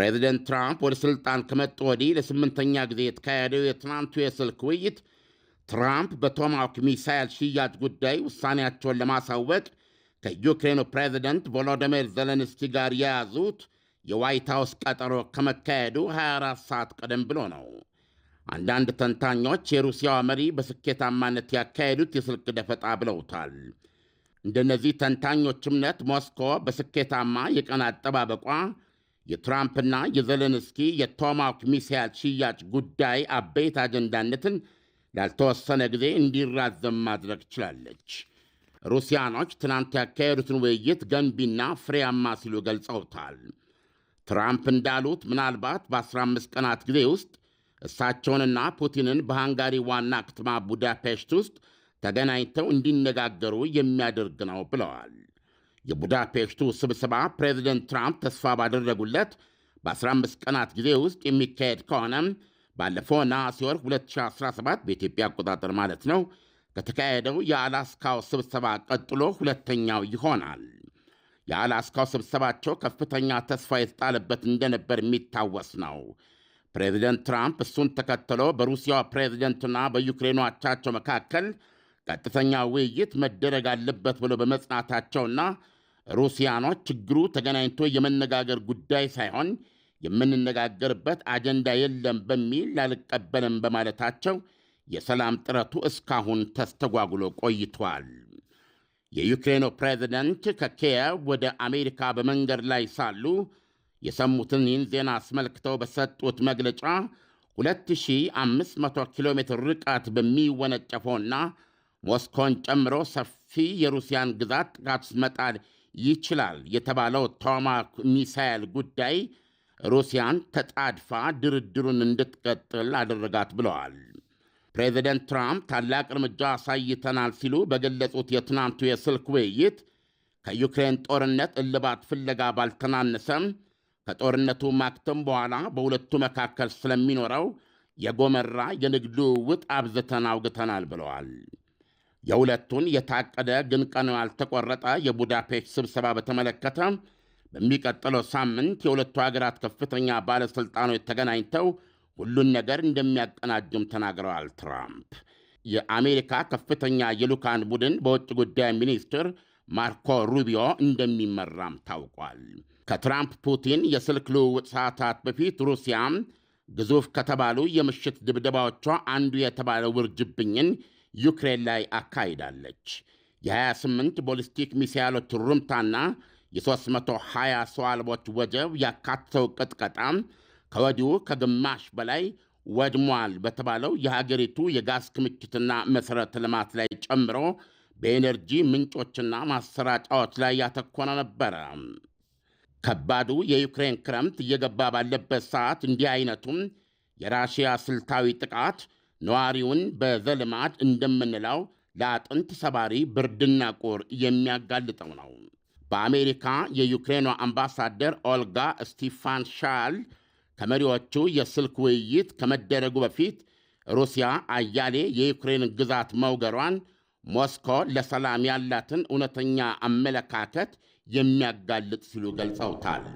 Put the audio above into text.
ፕሬዚደንት ትራምፕ ወደ ሥልጣን ከመጡ ወዲህ ለስምንተኛ ጊዜ የተካሄደው የትናንቱ የስልክ ውይይት ትራምፕ በቶማሃውክ ሚሳይል ሽያጭ ጉዳይ ውሳኔያቸውን ለማሳወቅ ከዩክሬኑ ፕሬዚደንት ቮሎዲሚር ዘለንስኪ ጋር የያዙት የዋይት ሃውስ ቀጠሮ ከመካሄዱ 24 ሰዓት ቀደም ብሎ ነው። አንዳንድ ተንታኞች የሩሲያዋ መሪ በስኬታማነት ያካሄዱት የስልክ ደፈጣ ብለውታል። እንደነዚህ ተንታኞች እምነት ሞስኮ በስኬታማ የቀን አጠባበቋ የትራምፕና የዘለንስኪ የቶማክ ሚሳይል ሽያጭ ጉዳይ አበይት አጀንዳነትን ላልተወሰነ ጊዜ እንዲራዘም ማድረግ ችላለች። ሩሲያኖች ትናንት ያካሄዱትን ውይይት ገንቢና ፍሬያማ ሲሉ ገልጸውታል። ትራምፕ እንዳሉት ምናልባት በ15 ቀናት ጊዜ ውስጥ እሳቸውንና ፑቲንን በሃንጋሪ ዋና ከተማ ቡዳፔስት ውስጥ ተገናኝተው እንዲነጋገሩ የሚያደርግ ነው ብለዋል። የቡዳፔስቱ ስብሰባ ፕሬዚደንት ትራምፕ ተስፋ ባደረጉለት በ15 ቀናት ጊዜ ውስጥ የሚካሄድ ከሆነ ባለፈው ነሐሴ ወር 2017 በኢትዮጵያ አቆጣጠር ማለት ነው ከተካሄደው የአላስካው ስብሰባ ቀጥሎ ሁለተኛው ይሆናል። የአላስካው ስብሰባቸው ከፍተኛ ተስፋ የተጣለበት እንደነበር የሚታወስ ነው። ፕሬዚደንት ትራምፕ እሱን ተከትሎ በሩሲያ ፕሬዚደንትና በዩክሬኑ አቻቸው መካከል ቀጥተኛ ውይይት መደረግ አለበት ብሎ በመጽናታቸውና ሩሲያኖች ችግሩ ተገናኝቶ የመነጋገር ጉዳይ ሳይሆን የምንነጋገርበት አጀንዳ የለም በሚል አልቀበልም በማለታቸው የሰላም ጥረቱ እስካሁን ተስተጓጉሎ ቆይቷል። የዩክሬኑ ፕሬዚደንት ከኪየቭ ወደ አሜሪካ በመንገድ ላይ ሳሉ የሰሙትን ይህን ዜና አስመልክተው በሰጡት መግለጫ 2500 ኪሎ ሜትር ርቀት በሚወነጨፈውና ሞስኮን ጨምሮ ሰፊ የሩሲያን ግዛት ጥቃት መጣል ይችላል የተባለው ቶማሃውክ ሚሳይል ጉዳይ ሩሲያን ተጣድፋ ድርድሩን እንድትቀጥል አደረጋት ብለዋል። ፕሬዚደንት ትራምፕ ታላቅ እርምጃ አሳይተናል ሲሉ በገለጹት የትናንቱ የስልክ ውይይት ከዩክሬን ጦርነት እልባት ፍለጋ ባልተናነሰም ከጦርነቱ ማክተም በኋላ በሁለቱ መካከል ስለሚኖረው የጎመራ የንግድ ልውውጥ አብዝተን አውግተናል ብለዋል። የሁለቱን የታቀደ ግን ቀኑ ያልተቆረጠ የቡዳፔስት ስብሰባ በተመለከተ በሚቀጥለው ሳምንት የሁለቱ ሀገራት ከፍተኛ ባለሥልጣኖች ተገናኝተው ሁሉን ነገር እንደሚያቀናጅም ተናግረዋል። ትራምፕ የአሜሪካ ከፍተኛ የልዑካን ቡድን በውጭ ጉዳይ ሚኒስትር ማርኮ ሩቢዮ እንደሚመራም ታውቋል። ከትራምፕ ፑቲን የስልክ ልውውጥ ሰዓታት በፊት ሩሲያ ግዙፍ ከተባሉ የምሽት ድብደባዎቿ አንዱ የተባለ ውርጅብኝን ዩክሬን ላይ አካሂዳለች። የ28 ቦሊስቲክ ሚሳይሎች ሩምታና የ320 ሰው አልቦች ወጀብ ያካተተው ቅጥቀጣ ከወዲሁ ከግማሽ በላይ ወድሟል በተባለው የሀገሪቱ የጋዝ ክምችትና መሠረተ ልማት ላይ ጨምሮ በኤነርጂ ምንጮችና ማሰራጫዎች ላይ ያተኮነ ነበረ። ከባዱ የዩክሬን ክረምት እየገባ ባለበት ሰዓት እንዲህ አይነቱም የራሽያ ስልታዊ ጥቃት ነዋሪውን በዘልማድ እንደምንለው ለአጥንት ሰባሪ ብርድና ቁር የሚያጋልጠው ነው። በአሜሪካ የዩክሬኗ አምባሳደር ኦልጋ ስቲፋን ሻል ከመሪዎቹ የስልክ ውይይት ከመደረጉ በፊት ሩሲያ አያሌ የዩክሬን ግዛት መውገሯን ሞስኮ ለሰላም ያላትን እውነተኛ አመለካከት የሚያጋልጥ ሲሉ ገልጸውታል።